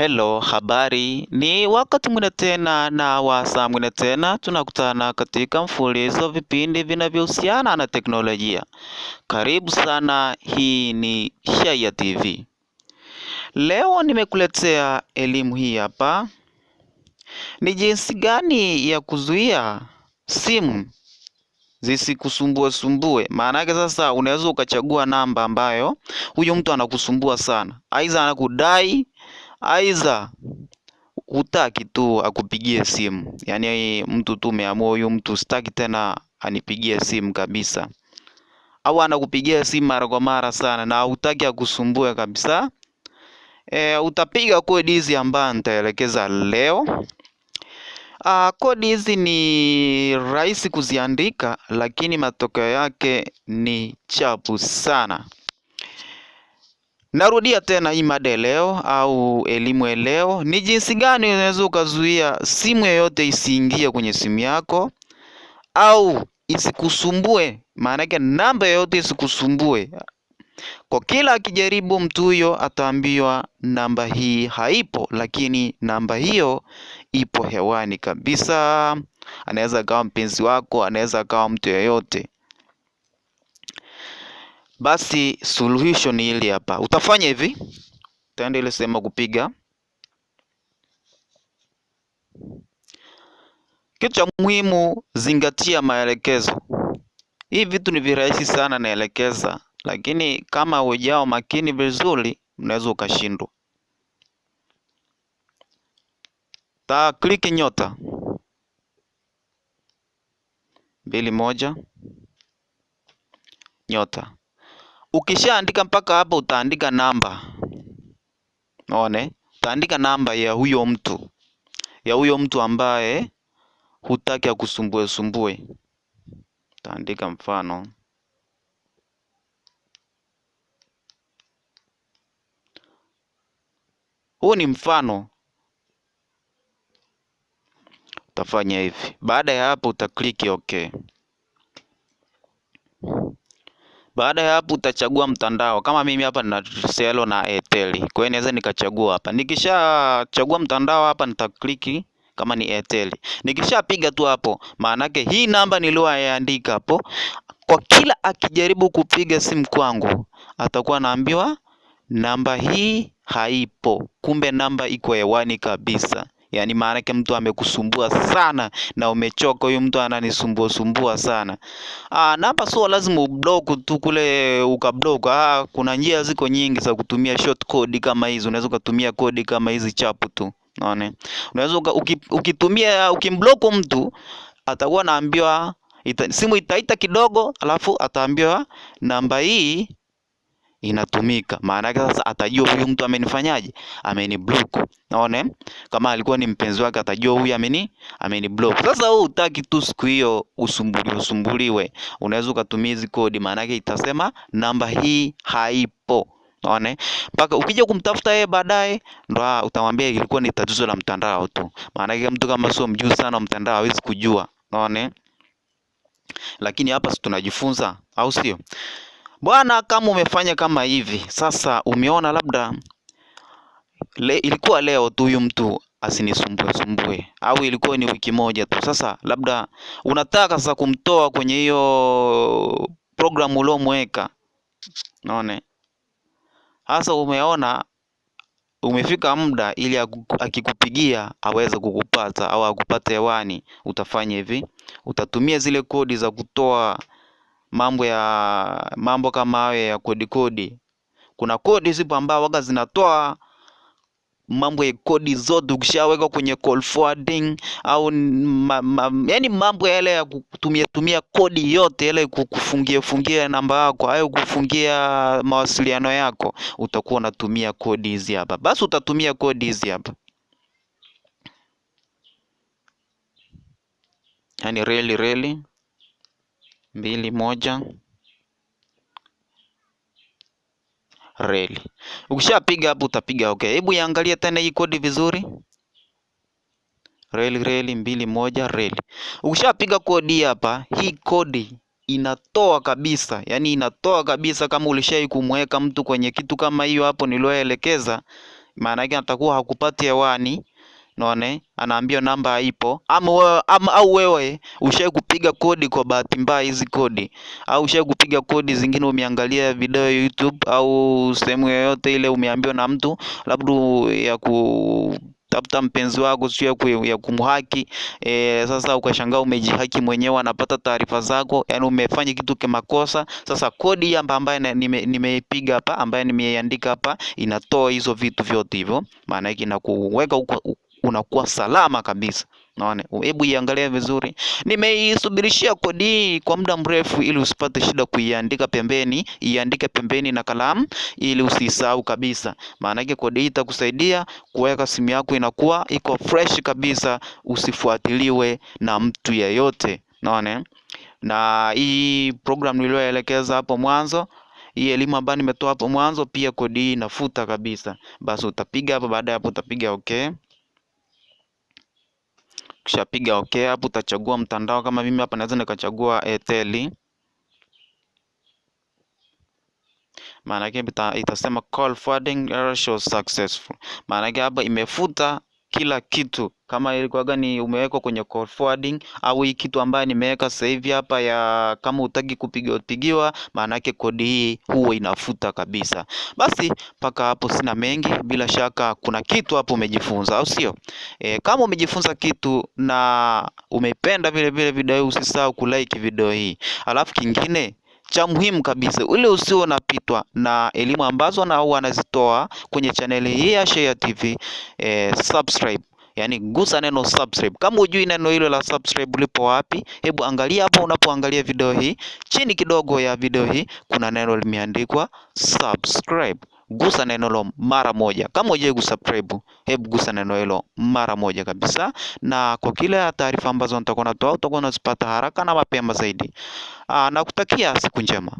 Hello, habari. Ni wakati mwingine tena na wasaa mwingine tena tunakutana katika mfululizo vipindi vinavyohusiana na teknolojia. Karibu sana, hii ni Shayia TV. Leo nimekuletea elimu hii hapa. Ni jinsi gani ya kuzuia simu zisikusumbue sumbue. Maana yake sasa, unaweza ukachagua namba ambayo huyu mtu anakusumbua sana, aidha anakudai aidha hutaki tu akupigie simu, yaani mtu tu umeamua huyu mtu sitaki tena anipigie simu kabisa, au anakupigia simu mara kwa mara sana na hutaki akusumbue kabisa. E, utapiga kodi hizi ambayo nitaelekeza leo. A, kodi hizi ni rahisi kuziandika lakini matokeo yake ni chapu sana. Narudia tena hii mada leo au elimu ya leo ni jinsi gani unaweza ukazuia simu yoyote isiingie kwenye simu yako au isikusumbue, maanake namba yoyote isikusumbue. Kwa kila akijaribu mtu huyo ataambiwa namba hii haipo, lakini namba hiyo ipo hewani kabisa. Anaweza akawa mpenzi wako, anaweza akawa mtu yoyote. Basi suluhisho ni hili hapa. Utafanya hivi, utaenda ile sehemu kupiga. Kitu cha muhimu, zingatia maelekezo. Hii vitu ni virahisi sana, naelekeza, lakini kama hujao makini vizuri, unaweza ukashindwa. Ta kliki nyota mbili moja nyota Ukishaandika mpaka hapa utaandika namba. one Utaandika namba ya huyo mtu. Ya huyo mtu ambaye hutaki akusumbue sumbue. Utaandika mfano. Huu ni mfano. Utafanya hivi. Baada ya hapo utakliki OK. Baada ya hapo utachagua mtandao kama mimi hapa nina Cello na Airtel. Kwa hiyo naweza nikachagua hapa. Nikishachagua mtandao hapa nitakliki kama ni Airtel. Nikishapiga tu hapo maana yake hii namba niliyoandika hapo kwa kila akijaribu kupiga simu kwangu atakuwa anaambiwa namba hii haipo. Kumbe namba iko hewani kabisa yani maanake mtu amekusumbua sana na umechoka, huyu mtu ananisumbua sumbua sana. Ah, na hapa sio lazima ublock tu kule ukablock. Ah, kuna njia ziko nyingi za kutumia code kama hizi, unaweza ukatumia kodi kama hizi chapu tu, unaona. Unaweza ukitumia ukimblock mtu atakuwa anaambiwa ita, simu itaita kidogo, alafu ataambiwa namba hii inatumika. Maana yake sasa atajua huyu mtu amenifanyaje? Ameniblock. Naona Kama alikuwa ni mpenzi wake atajua huyu ameni ameniblock. Sasa wewe utaki tu siku hiyo usumbuliwe usumbuliwe. Unaweza ukatumia hizi kodi maana yake itasema namba hii haipo. Naona Mpaka ukija kumtafuta yeye baadaye ndo utamwambia ilikuwa ni tatizo la mtandao tu. Maana yake mtu kama sio mjuzi sana wa mtandao hawezi kujua. Naona Lakini hapa si tunajifunza au sio? Bwana, kama umefanya kama hivi sasa, umeona labda le, ilikuwa leo tu huyu mtu asinisumbue sumbue, au ilikuwa ni wiki moja tu. Sasa labda unataka sasa kumtoa kwenye hiyo programu uliomweka, naone sasa umeona umefika muda ili akikupigia aweze kukupata au akupate hewani, utafanya hivi, utatumia zile kodi za kutoa mambo ya mambo kama hayo ya kodi kodi. Kuna kodi zipo ambao waga zinatoa mambo ya kodi zote, ukishaweka kwenye call forwarding au ma, ma, yani mambo yale ya kutumia tumia kodi yote ile kufungia fungia namba yako au kufungia mawasiliano yako, utakuwa unatumia kodi hizi hapa. Basi utatumia kodi hizi hapa. Yani really really mbili moja reli. Ukishapiga hapo utapiga okay. Hebu yaangalie tena hii kodi vizuri. Reli reli mbili moja reli. Ukishapiga kodi hapa, hii kodi inatoa kabisa, yani inatoa kabisa. Kama ulishai kumweka mtu kwenye kitu kama hiyo hapo niloelekeza maana yake atakuwa hakupati hewani naone eh? anaambia namba haipo ama wewe, ama au wewe ushae kupiga kodi kwa bahati mbaya hizi kodi au ushae kupiga kodi zingine umeangalia video YouTube au sehemu yoyote ile umeambiwa na mtu labda ya ku tafuta mpenzi wako sio ya kumhaki e, sasa ukashangaa umejihaki mwenyewe anapata taarifa zako yani umefanya kitu kimakosa sasa kodi hii amba ambaye nimeipiga nime hapa ambaye nimeiandika hapa inatoa hizo vitu vyote hivyo maana yake inakuweka unakuwa salama kabisa. Unaona, hebu iangalia vizuri. Nimeisubirishia kodi kwa muda mrefu, ili usipate shida kuiandika pembeni. Iandike pembeni na kalamu, ili usisahau kabisa. Maana yake kodi itakusaidia kuweka simu yako inakuwa iko fresh kabisa, usifuatiliwe na mtu yeyote. Unaona, na hii program niliyoelekeza hapo mwanzo hii elimu ambayo nimetoa hapo mwanzo, pia kodi hii inafuta kabisa. Basi utapiga hapo, baada ya hapo utapiga okay. Ukishapiga okay hapo utachagua mtandao kama mimi hapa naweza nikachagua Airtel eh, Maana yake itasema call forwarding error shows successful. Maana yake hapa imefuta kila kitu kama ilikuwaga ni umewekwa kwenye call forwarding au hii kitu ambayo nimeweka sasa hivi hapa ya kama utaki kupigiwa pigiwa, maana yake kodi hii huwa inafuta kabisa. Basi mpaka hapo sina mengi, bila shaka kuna kitu hapo umejifunza, au sio? E, kama umejifunza kitu na umependa vile vile video hii, usisahau kulike video hii, alafu kingine cha muhimu kabisa ule usio unapitwa na elimu ambazo na huwa anazitoa kwenye chaneli hii ya Shayia TV. Eh, subscribe Yani, gusa neno subscribe. Kama ujui neno hilo la subscribe lipo wapi, hebu angalia hapo unapoangalia video hii, chini kidogo ya video hii kuna neno limeandikwa subscribe gusa neno hilo mara moja. Kama hujaigusa kusubscribe, hebu gusa neno hilo mara moja kabisa, na kwa kila taarifa ambazo nitakuwa natoa utakuwa unazipata haraka na mapema zaidi. Aa, ah, siku njema.